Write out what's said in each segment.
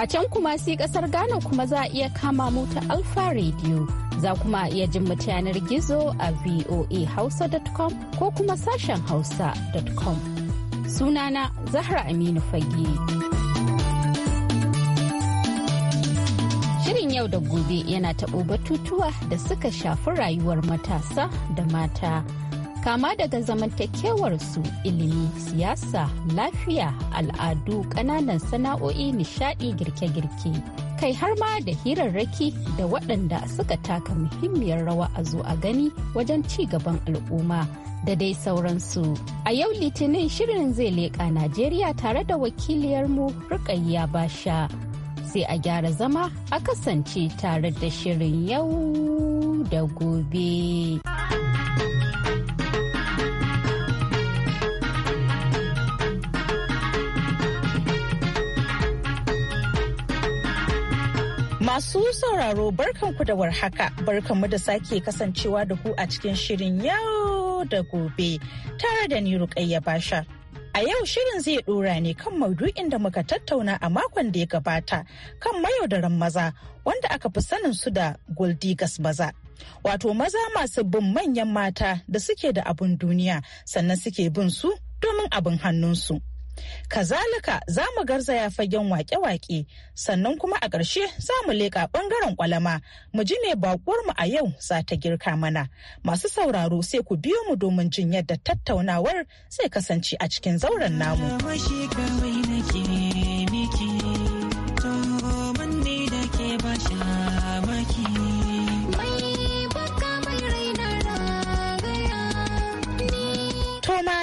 A can kuma sai kasar Ghana kuma za a iya kama mota ta Alfa Radio. Za kuma iya jin mu yanar gizo a voahausa.com ko kuma sashen hausa.com. Sunana Zahra Aminu Fage. Shirin yau da gobe yana taɓo batutuwa da suka shafi rayuwar matasa da mata. kama daga zamantakewarsu ilimi siyasa lafiya al'adu ƙananan sana'o'i nishaɗi girke-girke kai har ma da hirarraki da waɗanda suka taka muhimmiyar rawa a zo a gani wajen ci gaban al'umma da dai sauransu. A yau litinin shirin zai leƙa Najeriya tare da wakiliyarmu Rukayya Basha. Sai a gyara zama a kasance tare da shirin yau da gobe. Masu sauraro barkanku da warhaka, barkanmu da sake kasancewa da ku a cikin shirin yau da gobe tare da ni Rukayya basha A yau shirin zai dora ne kan maudu'in da muka tattauna a makon da ya gabata kan mayaudaran maza wanda aka fi sanin su da Goldigas maza. Wato maza masu bin manyan mata da suke da abun duniya sannan suke bin su domin abin hannunsu. Kazalika za mu garzaya fagen wake-wake sannan kuma a ƙarshe za mu leƙa ɓangaren ƙwalama mu ji ne mu a yau za ta girka mana. Masu sauraro sai ku biyo mu domin jin yadda tattaunawar zai kasance a cikin zauren namu.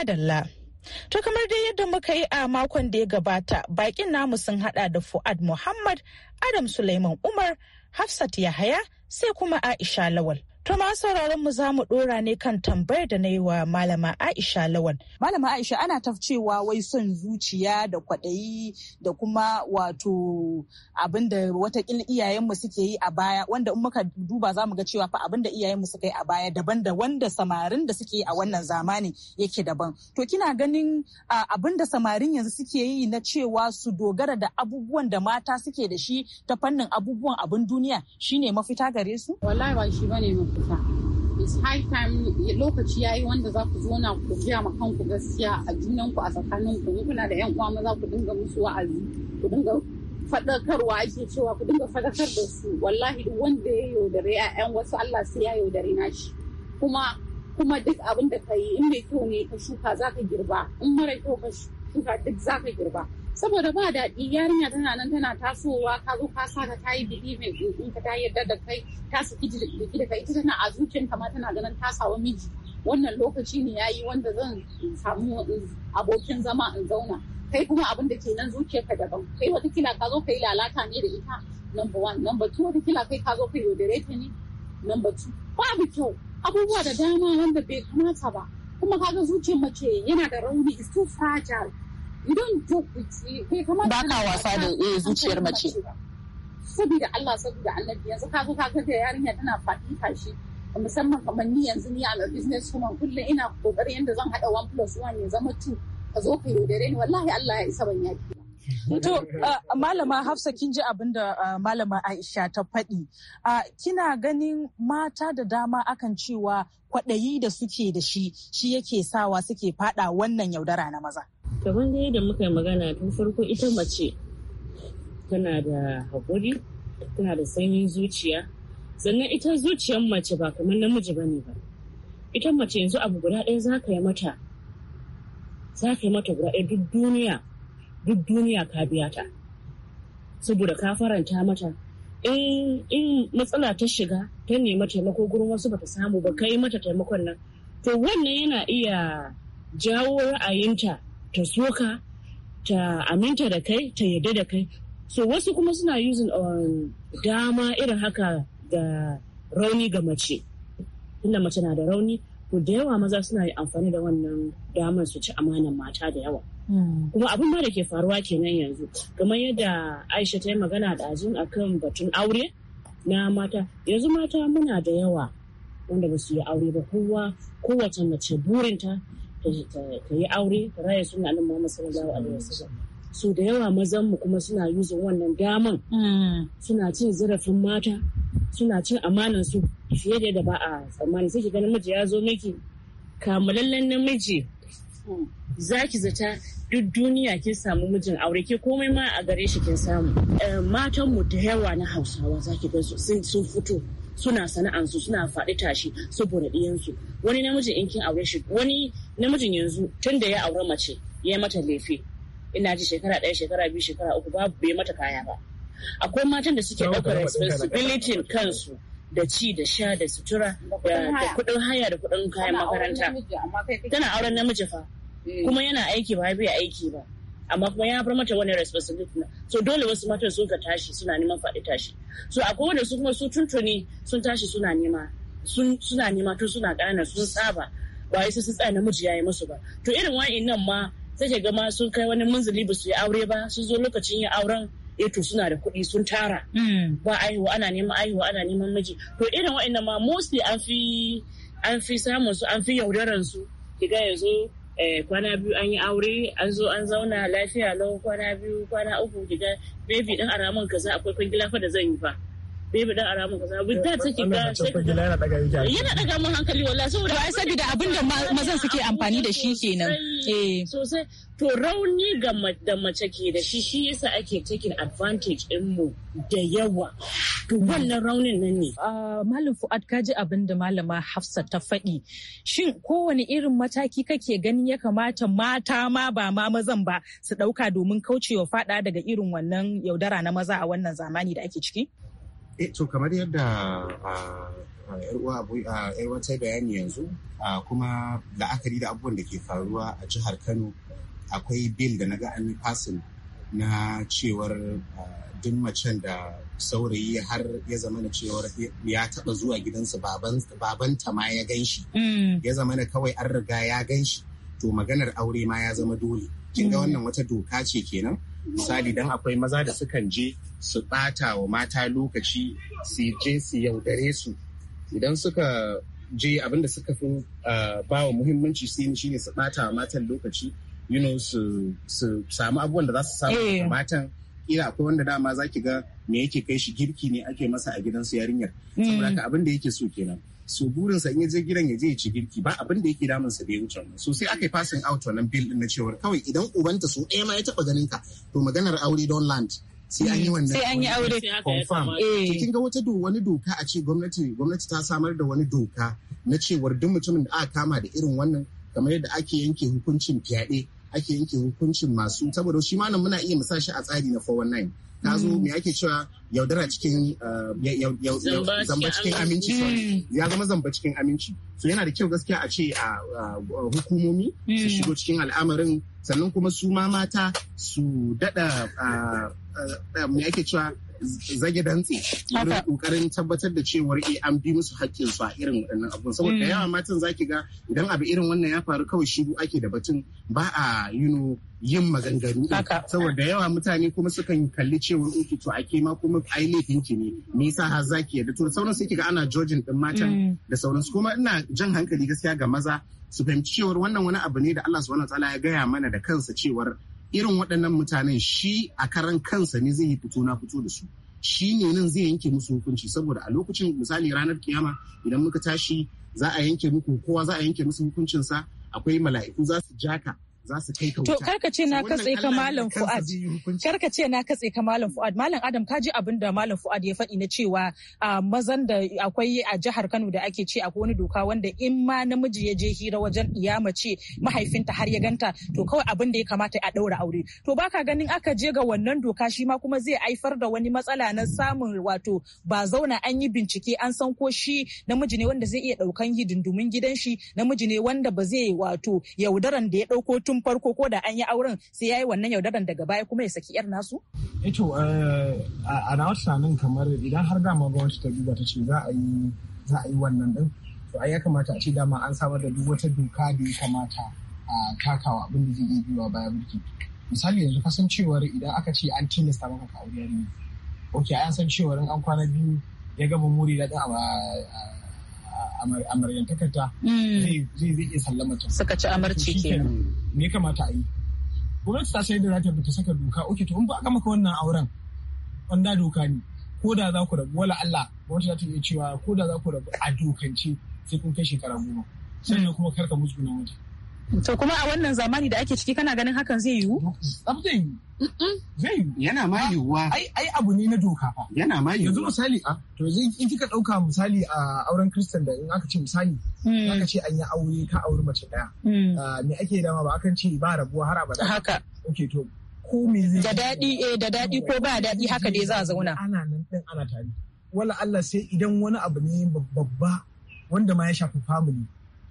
Dalla. To kamar dai yadda muka yi a makon da ya gabata bakin namu sun hada da Fuad Muhammad, Adam Suleiman Umar, Hafsat Yahaya sai kuma Aisha Lawal. To ma sauraron mu za mu dora ne kan tambayar da na yi wa Malama Aisha Lawan. Malama Aisha ana tafcewa wai son zuciya da kwaɗayi da kuma wato abin da watakila iyayenmu suke yi a baya wanda in muka duba za mu ga cewa fa abin da iyayenmu suka yi a baya daban da wanda samarin da suke yi a wannan zamani yake daban. To kina ganin abin da samarin yanzu suke yi na cewa su dogara da abubuwan da mata suke da shi ta fannin abubuwan abun duniya shine mafita gare su? Wallahi ba shi bane It's high time lokaci yayi wanda za ku zo na ku jiya ma kanku gaskiya a junanku a tsakaninku kuna da yan uwa maza ku dinga musu wa'azi ku dinga fadakarwa ake cewa ku dinga fadakar da su wallahi duk wanda ya yaudare 'ya'yan wasu Allah sai ya yaudare nashi kuma kuma duk abin da ka yi in mai kyau ne ka shuka za ka girba in mara kyau ka shuka duk za ka girba saboda ba daɗi yarinya tana nan tana tasowa ka zo ka sa ka ta yi believing mai ka ta yarda da kai ta saki jiki da kai ita tana a zuciyarta ma tana ganin ta sawa miji wannan lokaci ne yayi wanda zan samu abokin zama in zauna kai kuma abin da ke nan zuciyarka daban kai wata kila ka zo kai lalata ne da ita number one number two wata kila kai ka zo kai yaudare ta ne number two babu kyau abubuwa da dama wanda bai kamata ba kuma kaga zuciyar mace yana da rauni is too fragile ba ka wasa da eh, zuciyar mace saboda Allah saboda annabi yanzu ka zo ka ga yarinya tana faɗi tashi musamman kamar ni yanzu ni a business woman kullum ina kokarin yadda zan haɗa one plus one ya zama two ka zo ka yaudare ni wallahi Allah ya isa ban yaki To, Malama Hafsa kin ji abin da Malama Aisha ta faɗi. Kina ganin mata da dama akan cewa kwaɗayi da suke da shi, shi yake sawa suke faɗa wannan yaudara na maza. kamar dai da muka yi magana tun farko ita mace tana da haƙuri tana da sanyin zuciya sannan ita zuciyar mace ba kamar namiji ba ne ba ita mace yanzu abu guda ɗaya za ka yi mata za ka yi mata guda ɗaya duk duniya duk duniya ka biya ta saboda ka faranta mata in matsala ta shiga ta nema taimako gurin wasu ta samu ba ka yi mata taimakon nan to wannan yana iya jawo ra'ayinta ta soka ta aminta da kai ta yarda da kai so wasu kuma suna using on um, dama irin haka da rauni ga mace inda mace na da rauni ko da yawa maza suna yi amfani da wannan damar su ci amanan mata da yawa hmm. kuma abin ma da ke faruwa kenan yanzu kamar yadda aisha ta yi magana da ajin akan batun aure na mata yanzu mata muna da yawa wanda ba su yi aure ba kowa kowace mace burinta ta yi aure raya suna nan dawo sallallahu alaihi wasallam su da yawa mazan mu kuma suna yuzin wannan daman mm. suna cin zarafin mata suna cin amanan su fiye da da ba a tsammani sai ki ga namiji ya zo miki kamalallen namiji mm. za ki zata duk duniya kin samu mijin aure ke komai ma a gare shi kin samu eh, matan ta yawa na hausawa za ki ga sun fito suna sana'ansu suna faɗi tashi saboda ɗiyansu wani namijin in aure shi wani namijin yanzu tun da ya aure mace ya mata laifi ina ji shekara ɗaya shekara biyu shekara uku babu bai mata kaya ba akwai matan da suke ɗaukar responsibility kansu da ci da sha da sutura da kuɗin haya da kuɗin kayan makaranta tana auren namiji fa mm. kuma yana aiki ba bai aiki ba amma kuma ya bar mata wani responsibility so dole wasu matan sun ka tashi suna neman faɗi tashi so a kowane su kuma su tuntuni sun tashi suna nema suna nema to suna ƙana sun saba ba wai sun tsaya namiji ya yi musu ba to irin wa'in nan ma sai ga gama sun kai wani munzili ba su yi aure ba sun zo lokacin yin auren eh to suna da kuɗi sun tara hmm. ba aihuwa ana neman aihuwa ana neman miji to irin wa'in nan ma mostly an fi samun su an fi yaudaran su ki ga yanzu Eh, kwana biyu an yi aure an zo an zauna lafiya lau kwana biyu kwana uku bebi baby din aramin kaza akwai kwangila fa da zan yi fa bai da dan aramu kaza bi da take ga yana daga yana daga mun hankali wallahi saboda ai saboda abin da mazan suke amfani da shi kenan eh sosai to rauni ga da mace ke da shi shi yasa ake taking advantage din mu da yawa to wannan raunin nan ne ah, malam fuad kaji abin da malama hafsa ta faɗi shin kowane irin mataki kake gani ya kamata mata ma ba ma mazan ba su ɗauka domin kaucewa fada daga irin wannan yaudara na maza a wannan zamani da ake ciki eh to kamar yadda yarwa ta bayani yanzu kuma la'akari da abubuwan da ke faruwa a jihar kano akwai bil da na ga an fasin na cewar duk macen da saurayi har ya zama na cewar ya taɓa zuwa gidansa babanta ma ya gan shi mm. ya zama na kawai an riga ya gan shi to maganar aure ma ya zama dole kin ga mm. wannan wata doka ce kenan misali dan akwai maza da sukan je su ɓata wa mata lokaci su je su yaudare su idan suka je abinda suka fi ah, ba wa muhimmanci sai shine su ɓata wa matan lokaci you know su samu abubuwan da za su samu eh. matan kila akwai wanda dama za ki ga me yake kai shi girki ne ake masa a gidansu yarinyar mm. saboda ka abin da yake so kenan so burinsa in ya je gidan ya je ya ci girki ba abin da yake damun sa bai wuce so sai aka yi passing out wannan bill din na cewar kawai idan ubanta so ɗaya ma ya taba ganin ka to maganar aure don land sai an yi wannan sai an yi aure confirm eh. kin ga wata wani doka a ce gwamnati gwamnati ta samar da wani doka na cewar duk mutumin da aka kama da irin wannan kamar yadda ake yanke hukuncin fyaɗe ake yanke hukuncin masu saboda shi ma muna iya musa shi a tsari na 419 ka zo hmm. me ake cewa yaudara cikin eh, zamba cikin aminci ya zama zamba cikin aminci so yana da kyau gaskiya a ce a hukumomi su hmm. shigo cikin al'amarin sannan kuma su ma mata su dada me ake cewa zage dantse wurin kokarin tabbatar da cewar eh an bi musu hakkin su a irin waɗannan abun saboda mm. yawa matan zaki ga idan abu irin wannan ya faru kawai shiru ake da batun ba a you yin maganganu saboda yawa mutane kuma sukan kalli cewar uku to a ma kuma ai laifin ki ne me yasa har zaki yadda to sauran sai kiga ana jojin din matan mm. da su kuma ina jan hankali gaskiya ga maza su fahimci cewar wannan wani abu ne da Allah subhanahu wataala ya gaya mana da kansa cewar irin waɗannan mutanen shi a karan kansa ne zai yi fito na fito da su shi ne nan zai yanke musu hukunci saboda a lokacin misali ranar kiyama idan muka tashi za a yanke muku kowa za a yanke musu hukuncinsa akwai mala'iku za su jaka To karka ce na katse ka malam Fuad. Karka ce na katse ka malam Fuad. Malam Adam ka ji abin da malam Fuad ya faɗi na cewa mazan da akwai a jihar Kano da ake ce akwai wani doka wanda in ma namiji ya je hira wajen iya mace mahaifinta har ya ganta to kawai abin da ya kamata a ɗaura aure. To baka ganin aka je ga wannan doka shi ma kuma zai haifar da wani matsala na samun wato ba zauna an yi bincike an san ko shi namiji ne wanda zai iya ɗaukan hidindumin gidan shi namiji ne wanda ba zai wato yaudaran da ya ɗauko tun tun farko ko da an yi auren sai ya yi wannan yaudaran daga baya kuma ya saki yar nasu? Ito eh eh, a na tunanin kamar idan har dama gwamnati ta duba ta ce za a yi za a yi wannan din to ai ya kamata a ce dama an samar da duk wata doka da ya kamata a takawa abin da zai iya a baya mulki misali yanzu kasancewar idan aka ce an tilasta maka ka aure yarinya ok an san cewar an kwana biyu ya gama muri da a amaryantakarta mm. zai zai sallama ta suka ci amarci kenan me kamata a yi gwamnati ta sai da za ta bi ta saka doka oke to in ba a gama ka wannan auren wanda doka ne ko da za ku rabu wala Allah gwamnati za ta iya cewa ko da za ku rabu a dokance sai kun kai shekara goma sannan kuma karka musu na wajen. To kuma a wannan zamani da ake ciki kana ganin hakan zai yiwu? Zai Yana ma yiwuwa. Ai ai abu ne na doka fa. Yana ma yiwuwa. Yanzu misali a ah, to yanzu in kika ɗauka misali a auren Kristan da in aka ce misali hmm. aka ce an yi aure ka auri mace ɗaya. Hmm. Ah, me ake dama ba akan ce ba rabuwa har abada. Haka. Ok to ko me zai. Da daɗi eh da daɗi ko ba daɗi haka dai za a zauna. Ana nan ɗin ana tare. Wala Allah sai idan wani abu ne babba wanda ma ya shafi family.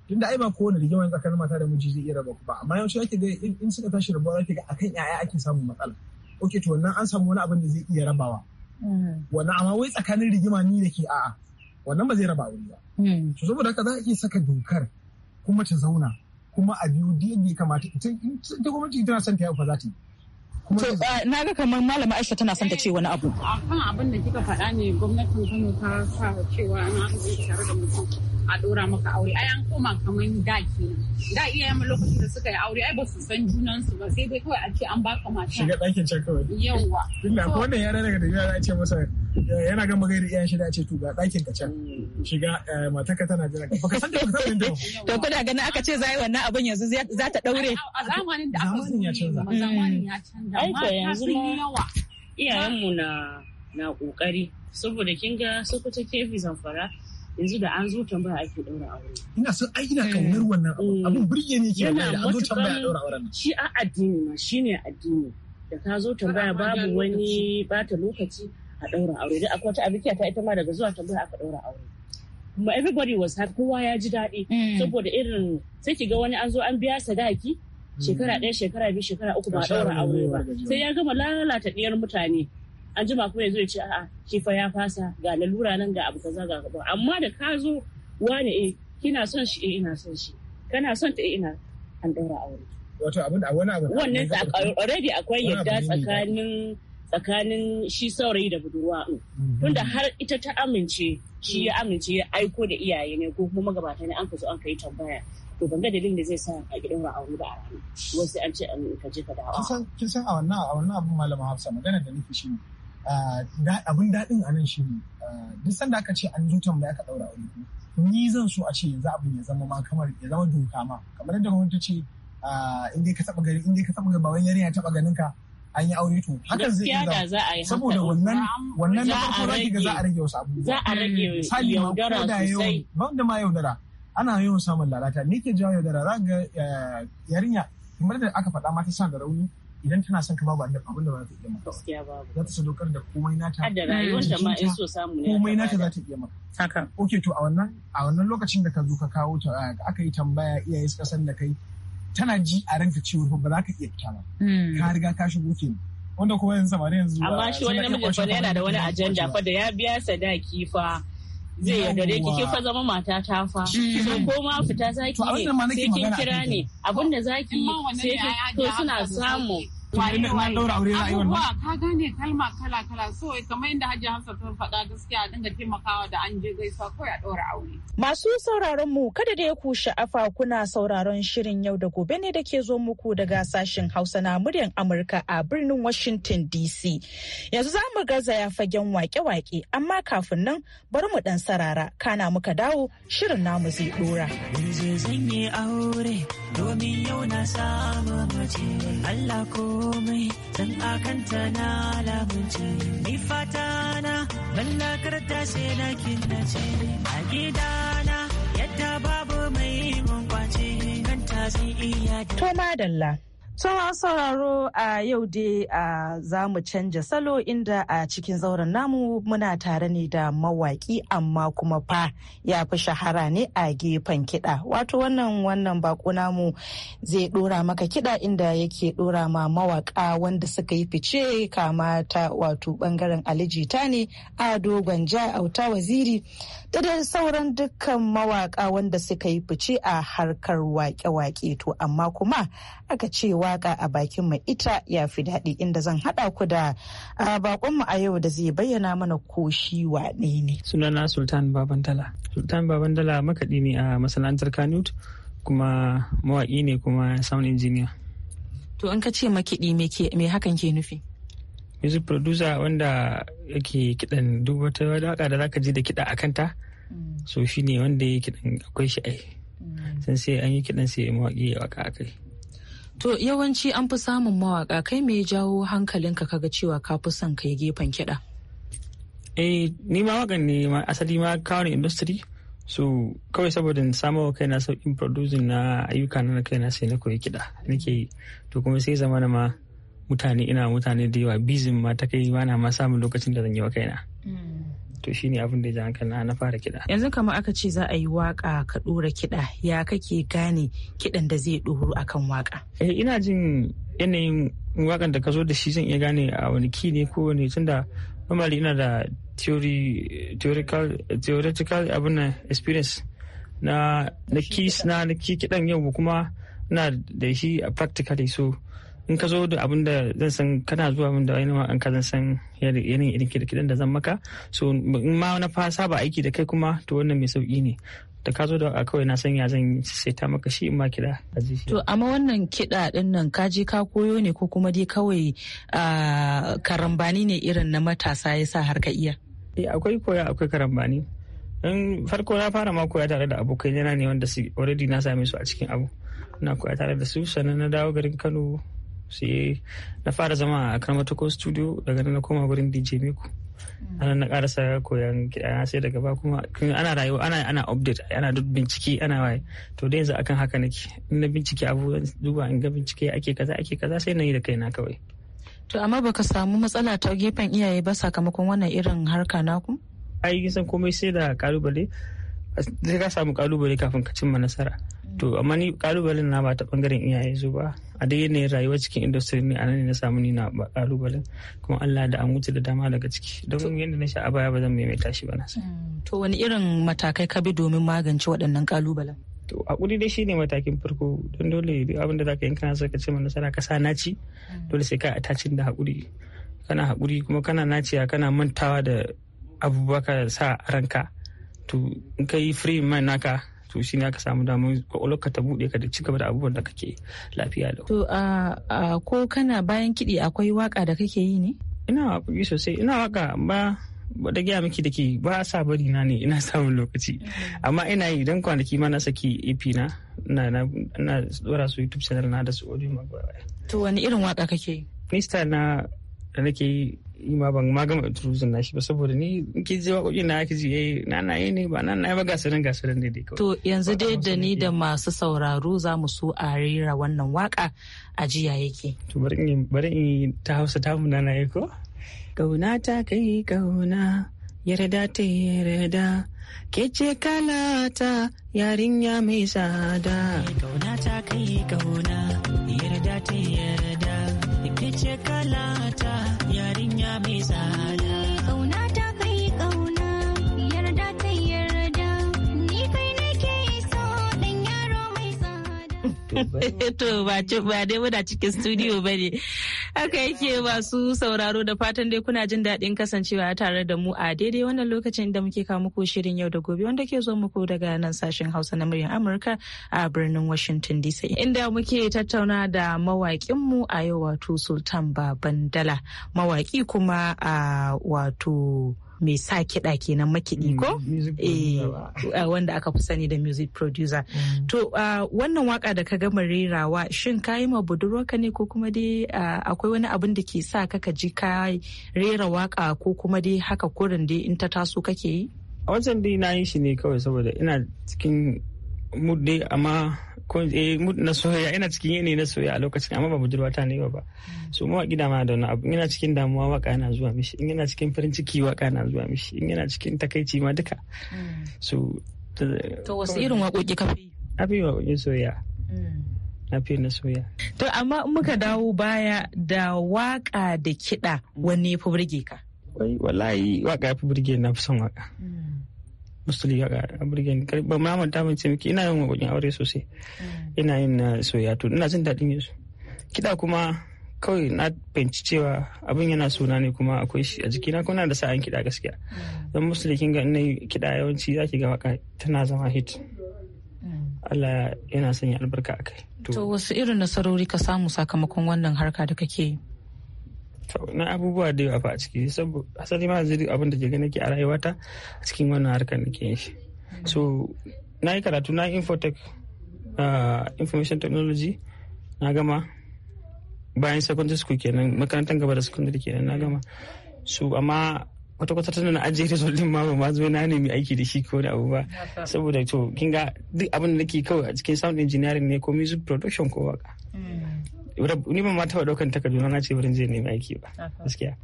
tun da ai ba kowane rigima tsakanin mata da miji zai iya raba ku ba amma yawanci ake ga in suka tashi rabuwa ake ga akan yaya ake samun matsala ok to wannan an samu wani abin da zai iya rabawa mm. wannan amma wai tsakanin rigima ni da ke a'a wannan ba zai raba wuri ba mm. to saboda haka za a iya saka dokar kuma ta zauna kuma a biyu da ya kamata ita ita gwamnati tana son ta yi fa za ta yi to eh, na ga kamar malama Aisha tana son ta ce wani abu eh, akan abin da kika faɗa ne gwamnatin Kano ta sa cewa na tare da mutum a ɗora maka aure ai an koma kamar da kenan da iyayen lokacin da suka yi aure ai ba su san junan su ba sai dai kawai a ce an baka mata shiga ɗakin can kawai yawa inda ko wannan yara daga da yara ce masa eh, yana ga magana da iyayen shi da ce to ga ɗakin ka can shiga eh, matarka tana jira ka baka san da ka san da to kuna ganin aka ce za yi wannan abin yanzu za ta daure a zamanin da aka zamanin ya canza zamanin ya canza ai to yanzu yawa iyayenmu na na kokari saboda kinga ga sokoto kefi zamfara yanzu da an zo tambaya ake daura aure ina son ai ina kaunar eh. wannan abun birge ne ke da an zo tambaya daura auren shi a addini ma shi ne addini da ka zo tambaya babu wani bata lokaci a daura aure da akwai wata abikiya ta ita ma daga zuwa tambaya aka daura aure kuma everybody was happy kowa ya ji daɗi mm. saboda irin sai ki ga wani an zo an biya sadaki mm. shekara ɗaya shekara biyu shekara uku ba a daura aure ba sai ya gama lalata ɗiyar mutane an jima kuma yanzu ya ce a'a shi fa ya fasa ga lalura nan ga abu kaza ga gaba amma da ka zo wani eh kina son shi eh ina son shi kana son ta eh ina an daura aure wato abin da wani abu wannan already akwai yadda tsakanin tsakanin shi saurayi da budurwa mm-hmm. tunda har ita ta amince shi ya amince ya aiko da iyaye ne ko kuma magabata ne an ka zo an kai tambaya to ban ga dalilin da zai sa a gidan aure ba a rana wasu an ce an ka je ka dawo kin san a wannan a wannan abin malama Hafsa magana da nufi shi ne Ah, abin daɗin a nan shi ne ah, duk sanda aka ce an zuta da aka ɗaura aure ni zan so a ce yanzu abin ya zama ma kamar ya zama doka ma kamar yadda gwamnati ce ah, in dai ka taɓa gari in dai ka taɓa gaban yarinya taɓa ganin ka an yi aure to hakan zai iya zama saboda wannan wannan na farko zaki ga za a rage wasu abubuwa za a rage hmm, yaudara sosai ban da ma yaudara ana yawan samun lalata ne ke jawo yaudara za ga eh, yarinya kamar da aka faɗa mata sa da rauni idan tana son ka babu annabi abinda ba za ta iya maka za ta sadaukar da komai nata da da ma in so samu ne komai nata za ta iya maka haka okay to a wannan a wannan lokacin da ka zo ka kawo ta eh, aka yi tambaya iyaye suka san da kai tana ji a ranka cewa ba za ka iya fita ba hmm. ka riga ka shigo ke. wanda kuma yanzu samari yanzu amma eh, shi wani namijin fa yana da wani ajanda fa da ya biya sadaki fa zai yarda dai kike fa zama mata ta fa so ko ma fita zaki ne sai kin kira ne abinda zaki sai to suna samu waye waye abubuwa ka gane kalma kala kala so kamar yadda hajji hamsa ta faɗa gaskiya dinga taimakawa da an je gaisuwa kawai a ɗora aure. masu sauraron mu kada da ya ku sha'afa kuna sauraron shirin yau da gobe ne da ke zo muku daga sashen hausa na muryan amurka a birnin washington dc yanzu za mu gaza ya fagen wake-wake amma kafin nan bari mu dan sarara kana muka dawo shirin namu zai ɗora. domin yau na mace Allah ko komai dan akan ta na lamunce ni fata na mallakar karta she na ce a gidana yadda babu mai mun kwace kan ta iya to madalla Sauran sauraro a yau dai a za mu canja salo inda a cikin zauren namu muna tare ne da mawaki amma kuma fa ya fi shahara ne a gefen kiɗa. Wato wannan wannan bako namu zai ɗora maka kiɗa inda yake ɗora ma mawaka wanda suka yi fice kama ta wato ɓangaren alijita ne a dogon ja auta waziri da dai sauran dukkan mawaka wanda suka yi fice a harkar wake-wake to amma kuma aka ce waka a bakin mai ita ya fi daɗi inda zan haɗa ku da bakonmu a yau da zai bayyana mana ko shi wane ne. Sunana Sultan Babandala. Sultan Babandala makaɗi ne a masana'antar Kanut kuma mawaƙi ne kuma sound engineer. To in ka ce makiɗi me hakan ke nufi? music producer wanda yake kidan duk wata waka da zaka ji da kida a kanta Mm. so shi ne wanda ya kiɗan akwai shi ai mm. sun sai an yi kiɗan sai mawaƙi ya waka akai to yawanci an fi samun mawaƙa kai me jawo hankalinka kaga cewa ka fi son kai gefen kiɗa eh ni ma wagan ne ma asali ma kawo industry so kawai saboda na samu wa kaina sauƙin producing na ayyuka na kaina sai na koyi kiɗa nake to kuma sai zama na ma mutane ina mutane da yawa bizin ma ta kai ma na ma samun lokacin da zan yi wa kaina mm. to shi ne abin da ya ji hankali na fara kiɗa yanzu kamar aka ce za a yi waƙa ka ɗora kiɗa ya kake gane kiɗan da zai ɗoro akan waka eh ina jin yanayin wakan da ka zo da shi zan iya gane a wani ki ne ko wani tunda normally ina da theoretical abin experience na na na na kiɗan yau kuma na da shi a practically so in ka zo da abin da zan san kana zuwa min da wani an ka zan san yanayin irin kidan da zan maka so in ma na fa saba aiki da kai kuma to wannan mai sauki ne da ka zo da a kawai na san ya zan ta maka shi in ma kiɗa a To amma wannan kiɗa ɗin nan ka je ka koyo ne ko kuma dai kawai karambani ne irin na matasa ya sa har ka iya? Eh akwai koya akwai karambani. In farko na fara ma koya tare da abokai na ne wanda su already na same su a cikin abu. Na koya tare da su sannan na dawo garin Kano sai na fara zama a karmatako studio daga nan na koma gurin dj miku hmm. ana na karasa koyan kiɗa sai daga ba kuma ana rayuwa ana ana update ana duk bincike ana waye to da yanzu akan haka nake in na bincike abubuwan duba in ga bincike ake kaza ake kaza sai na yi da kaina kawai to amma baka samu matsala ta gefen iyaye ba sakamakon wannan irin harka naku ai kisan komai sai da kalubale sai ka samu kalubale kafin ka cimma nasara hmm. to amma ni kalubalen na ba ta bangaren iyaye zuwa ba a da yanayin rayuwa cikin industry ne a nan na samu ni na kalubalen kuma Allah da an wuce da dama daga ciki don yadda na sha a baya ba zan maimaita shi ba na mm, to wani irin matakai ka bi domin magance waɗannan kalubalen to hakuri dai shine matakin farko don dole abin da zaka yi kana saka ka ce mana nasara ka sa naci mm. dole sai ka atacin da hakuri kana hakuri kuma kana naciya kana mantawa da abubuwa ka sa ranka to in ka free mind naka to shi ne aka samu damar kwakwalwarka ta buɗe ka da ci gaba da abubuwan da kake lafiya da to a ko kana bayan kiɗi akwai waka da kake yi ne ina waƙoƙi sosai ina waka ba da gaya miki da ke ba sa bari na ne ina samun lokaci amma ina yi idan kwanaki ma na saki ep na na dora su youtube channel na da su audio magwaya to wani irin waka kake yi ni na da nake yi ima ban ma gama introduction na shi ba saboda ni in ki ji waƙoƙi na ake ji yayi eh, na na yi ne ba na na ba gasarin gasarin ne dai kawai to yanzu dai da ni da masu sauraro za mu so a rera wannan waka a jiya yake to bari in bari in ta Hausa ta mu na na ko kauna ta kai kauna yarda ta yarda ke ce kalata yarinya mai tsada kauna ta kai kauna yarda ta yarda ke ce kalata yarinya mai tsada. Kauna ta kai kauna, yarda ta yarda, ni kai nake so dan yaro mai tsada. To ba dai muna cikin studio bane. Haka yake masu sauraro da fatan dai kuna jin daɗin kasancewa tare da mu a daidai wannan lokacin da muke kawo muku shirin yau da gobe wanda ke zo muku daga nan sashen Hausa na muryar Amurka a birnin Washington DC. Inda muke tattauna da mu a yau wato Sultan Babandala mawaƙi kuma a wato mai sa kiɗa kenan makiɗi ko mm, eh, wanda aka fi sani da music producer mm. to wannan waka da ka gama rerawa shin ka yi ma budurwarka ne ko kuma dai akwai wani abin da ke sa ka ji ka rera waka ko kuma dai haka kurin dai in ta taso kake yi a wancan dai na yi shi ne kawai saboda ina cikin mood dai amma Eh, na soyayya ina cikin yanayi na soyayya a lokacin amma ba budurwa ta ne ba so ma waki dama da wani abu ina cikin damuwa waka na zuwa mishi in yana cikin farin ciki waka na zuwa mishi in yana cikin takaici ma duka mm. so to wasu irin waƙoƙi ka fi a fi waƙoƙin soyayya mm. na fi na soyayya to amma in muka dawo baya da waka da kiɗa wani ya fi burge ka wallahi waka ya fi burge na fi son waka mm. musulmi ga abirgen ba ma manta mun ce miki ina yin wakokin aure sosai mm. ina yin na soyayya to ina jin daɗin yin kiɗa kuma kawai na fahimci cewa abin yana suna ne kuma akwai shi a jikina kuma da sa'an kiɗa gaskiya mm. don musulmi kin ga ina kiɗa yawanci zaki ga waka tana zama hit mm. Allah yana sanya albarka a kai. To wasu irin nasarori ka samu sakamakon wannan harka da kake yi? na abubuwa da yawa fa a ciki saboda asali ma zai abin da ke gani ke a rayuwata a cikin wannan harkar da ke shi so na yi karatu na infotech uh, information technology na gama bayan secondary school kenan makarantar gaba da secondary kenan na gama so amma wata kwata tana na ajiye da solin ma ba zo na nemi aiki da shi ko da abu ba saboda to kinga duk abin da nake kawai a cikin sound engineering ne ko music production ko waka hmm. ni ba ma taɓa ɗaukan takardu na ce wurin zai nemi aiki ba gaskiya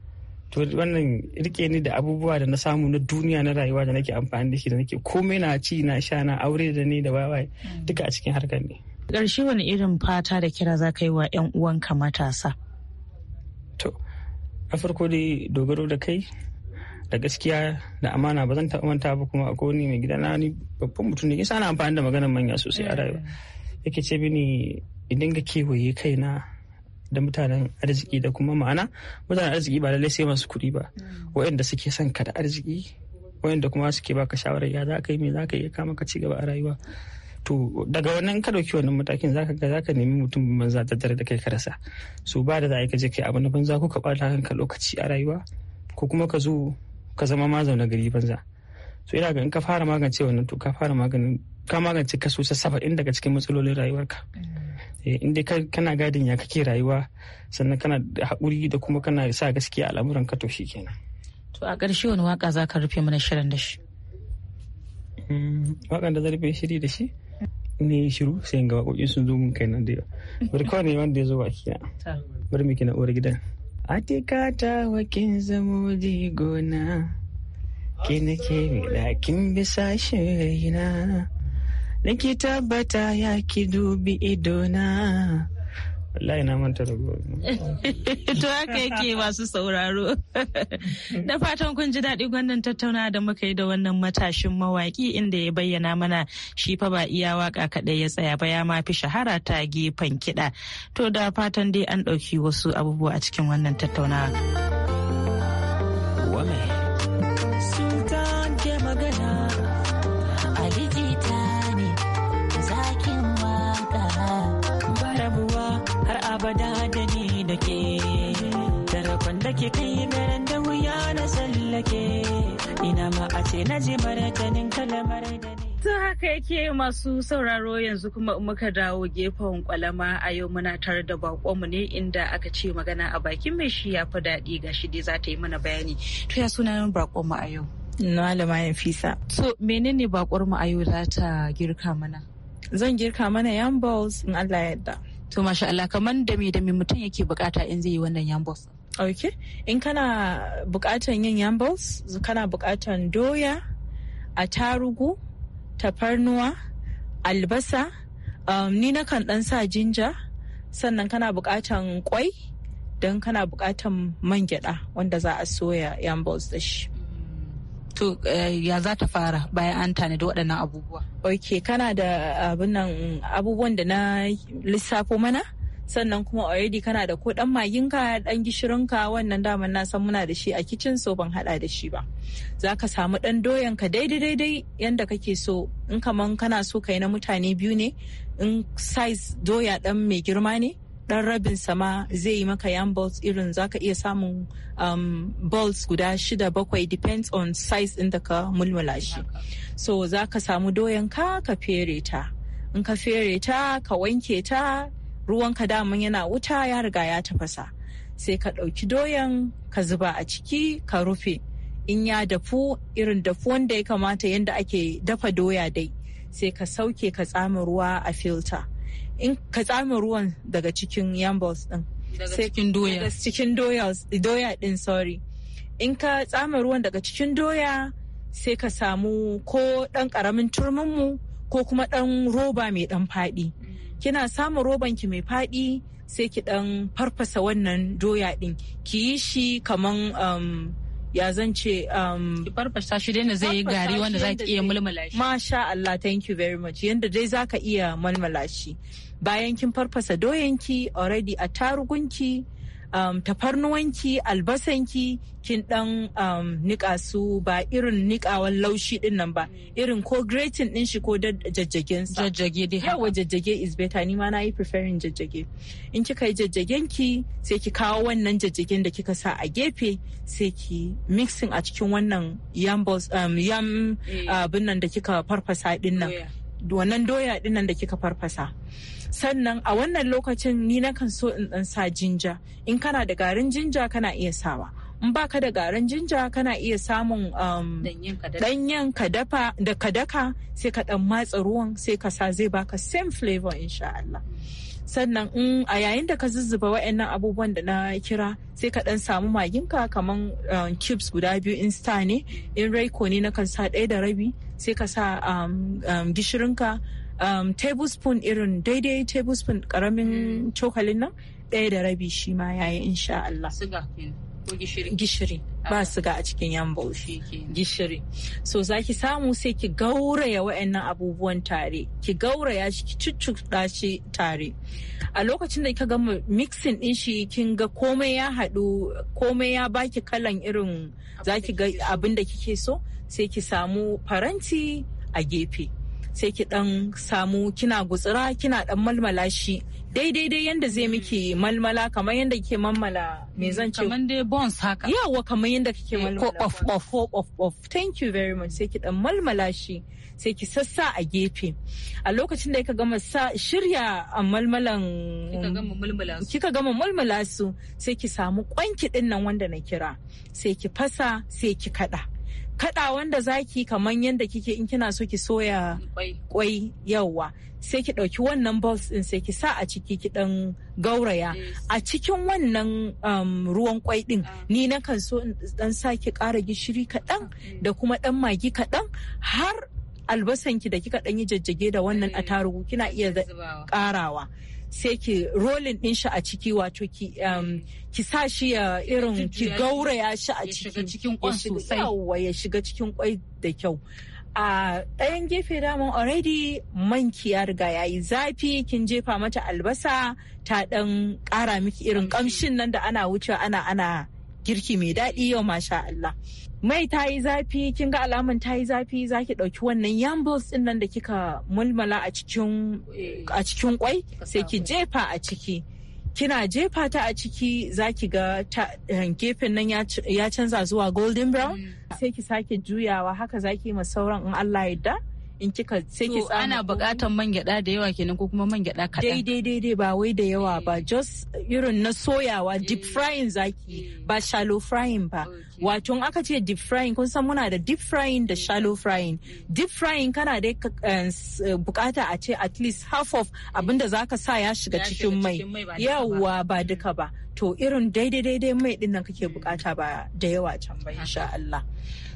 to wannan rike ni da abubuwa da na samu na duniya na rayuwa da nake amfani da shi da nake komai na ci na sha na aure da ni da wawaye mm. duka a cikin harkar ne ƙarshe wani irin fata da kira za ka yi wa 'yan uwanka matasa to a farko dai dogaro da kai da gaskiya da amana ba zan taɓa manta ba kuma a ni mai gidana ni babban mutum ne yasa na amfani da maganar manya sosai a mm. rayuwa yake ce mini idan dinga kewaye kaina da mutanen arziki da kuma ma'ana mutanen arziki ba lallai sai masu kuɗi ba mm. waɗanda suke son ka da arziki waɗanda kuma suke baka shawarar ya za ka yi me za ka iya kama ka ci gaba a rayuwa to daga wannan ka dauki wannan matakin zaka ga ka nemi mutum banza da da kai ka rasa so ba da za ka je kai abu na banza ko ka ɓata kanka lokaci a rayuwa ko kuma ka zo ka zama ma zauna gari banza so ina ga in ka fara magance wannan to ka fara maganin ka magance kaso saba'in daga cikin matsalolin rayuwarka. Mm. Eh, in dai kana gadin ya kake rayuwa sannan kana haƙuri da kuma kana sa gaskiya lamuran ka to shi kenan to a ƙarshe wani waka za ka rufe mana shirin da shi mm, Waƙan da za rufe shiri da shi ne shiru sai in ga waƙoƙin sun zo mun kai nan da yawa bari kawai ne wanda ya zo baki na bari mu kina uwar gidan atika ta wakin zamo gona ke nake mi ɗakin bisa shirina likita tabbata ya ki dubi idona wallahi na manta da gobe. To haka yake masu sauraro. Da fatan kun ji daɗi wannan tattauna da muka yi da wannan matashin mawaƙi inda ya bayyana mana shi fa ba iya waka kaɗai ya tsaya ba ya ma fi shahara ta gefen kiɗa. To da fatan dai an ɗauki wasu abubuwa a cikin wannan tattaunawa. abada da ni da ke da ke kai garan da wuya na tsallake ina ma a ce na ji maratanin kalamar da ni tun haka yake masu sauraro yanzu kuma muka dawo gefen kwalama a yau muna tare da bakonmu ne inda aka ce magana a bakin mai shi ya fi daɗi ga shi dai za ta yi mana bayani to ya suna bakon bakonmu a yau na malama yin fisa so menene bakon mu a yau za ta girka mana zan girka mana yam balls in allah yadda to masha Allah kamar da me da me mutum yake bukata in zai yi wannan yambos ok in kana bukatan yin yambos kana bukatan doya atarugu tafarnuwa albasa um, ni na kan dan sa jinja sannan kana bukatan kwai don kana bukatan man gyada wanda za a soya yambos da shi to eh, ya za ta fara bayan an tanadi waɗannan abubuwa ok kana da abunan abubuwan da na lissafo mana sannan kuma already kana da ko dan maginka dan gishirinka wannan daman na san muna da shi a kicin so ban hada da shi ba za ka samu ɗan doyan ka daidai daidai yanda kake so in kaman kana so kai na mutane biyu ne in size doya dan mai girma ne dan rabin sama zai yi maka yan bolts irin zaka iya samun um, bolts guda shida bakwai depends on size ɗin da ka mulmula shi so za ka samu doyan ka ka fere ta in ka fere ta ka wanke ta ruwan ka daman yana wuta ya riga ya tafasa sai ka ɗauki doyan ka zuba a ciki ka rufe in ya dafu irin dafu wanda ya kamata yadda ake dafa doya dai sai ka sauke ka tsama ruwa a filta in ka tsame ruwan daga cikin yambals din daga cikin doya daga cikin doya din sorry in ka tsame ruwan daga cikin doya sai ka samu ko dan karamin turmin mu ko kuma dan roba mai dan fadi kina samun roban ki mai fadi sai ki dan farfasa wannan doya din ki yi shi kaman um, ya zan ce um, farfasa shi dai zai yi gari wanda za ki iya mulmula shi masha Allah thank you very much yanda dai za ka iya mulmula shi bayan kin farfasa doyanki already a tarugunki um, tafarnuwanki albasanki kin dan um, nika su ba irin nikawan laushi din nan ba irin ko grating din shi ko jajjagen sa jajjage dai yawa jajjage is better ni ma na yi preferring jajjage in kika yi jajjagen ki sai ki kawo wannan jajjagen da kika sa a gefe sai ki mixing a cikin wannan yam um, yam eh. abin nan da kika farfasa din nan oh, wannan doya dinnan da kika farfasa sannan a wannan lokacin ni na kan so in dan sa jinja in kana da garin jinja kana iya sawa in baka da garin jinja kana iya samun um, ka kadafa da kadaka sai ka dan matsa ruwan sai ka sa zai baka same flavor insha Allah sannan in a yayin da ka zuzzuba wa'annan abubuwan da na kira sai ka dan samu maginka kaman um, cubes guda biyu in star ne in raiko ne na kan sa ɗaya da rabi sai ka sa um, um, gishirinka um, tablespoon irin daidai tablespoon karamin mm. cokalin nan ɗaya da rabi shi ma yayi insha Allah. Suga ko gishiri? Gishiri. ba ah. siga a cikin yan yambo gishiri so za ki samu sai ki gauraya wa'annan abubuwan tare ki gauraya shi ki cuccuɗa tare a lokacin da ka gama mixing din shi kin ga komai ya haɗu komai ya baki kalan irin za ki ga abin da kike so sai ki samu faranti a gefe sai ki dan samu kina gutsura kina dan malmala shi daidai dai yanda zai miki malmala kamar yanda kike malmala me zan ce kamar dai bones haka yawa kamar yanda kike eh, malmala ko of of thank you very much sai ki dan malmala shi sai ki sassa a gefe a lokacin da kika gama sa shirya a malmalan kika gama malmala su sai ki samu kwanki din nan wanda na kira sai ki fasa sai ki kada kada wanda zaki kamar yadda kike in kina so ki soya kwai yawa sai ki ɗauki wannan balls ɗin sai ki sa a ciki ki ɗan gauraya a cikin wannan um, ruwan kwai ɗin ah. ni na kan so ɗan sa ki ƙara gishiri kaɗan da kuma ɗan magi kaɗan har albasanki da kika ɗan yi jajjage da wannan eh. attarugu kina iya ƙarawa sai ki rolin din shi a ciki wato ki um, ki sa shi ya irin ki gauraya shi a ciki ya shiga cikin kwai da kyau a ɗayan gefe daman already ki ya riga ya yi zafi kin jefa mata albasa ta ɗan ƙara miki irin ƙamshin nan da ana wucewa ana ana girki mai daɗi yau masha Allah. Mai ta yi zafi, kin ga alaman ta yi zafi za ki ɗauki wannan yambos ɗin nan da kika mulmala a cikin eh, kwai sai ki jefa a ciki. Kina jefa ta a ciki za ki ga eh, gefen nan ya canza zuwa golden brown mm. sai ki sake juyawa haka za ki yi sauran in Allah yadda. in kika sai ki samu ana bukatan man gyada da yawa kenan ko kuma man gyada kaɗan daidai daidai ba wai da yawa eh. ba just irin na soyawa deep eh. frying zaki eh. ba shallow frying ba wato aka ce deep frying kun san muna da deep frying da shallow frying deep frying kana da bukata a ce at least half of abinda zaka sa ya shiga cikin mai yawa ba duka ba to irin daidai daidai mai din nan kake bukata ba da yawa can ba insha Allah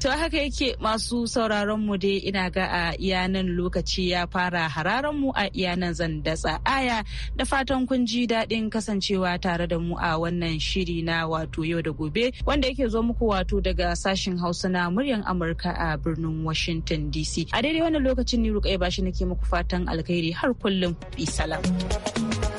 to haka yake masu sauraron mu dai ina ga a iyanan lokaci ya fara hararan mu a iyanan zan datsa aya da fatan kun ji daɗin kasancewa tare da mu a wannan shiri na wato yau da gobe wanda yake zo muku wato daga sashin Hausa na muryan Amurka a birnin Washington DC a daidai wannan lokacin ni ruƙai bashi nake muku fatan alkhairi har kullum Islam. salam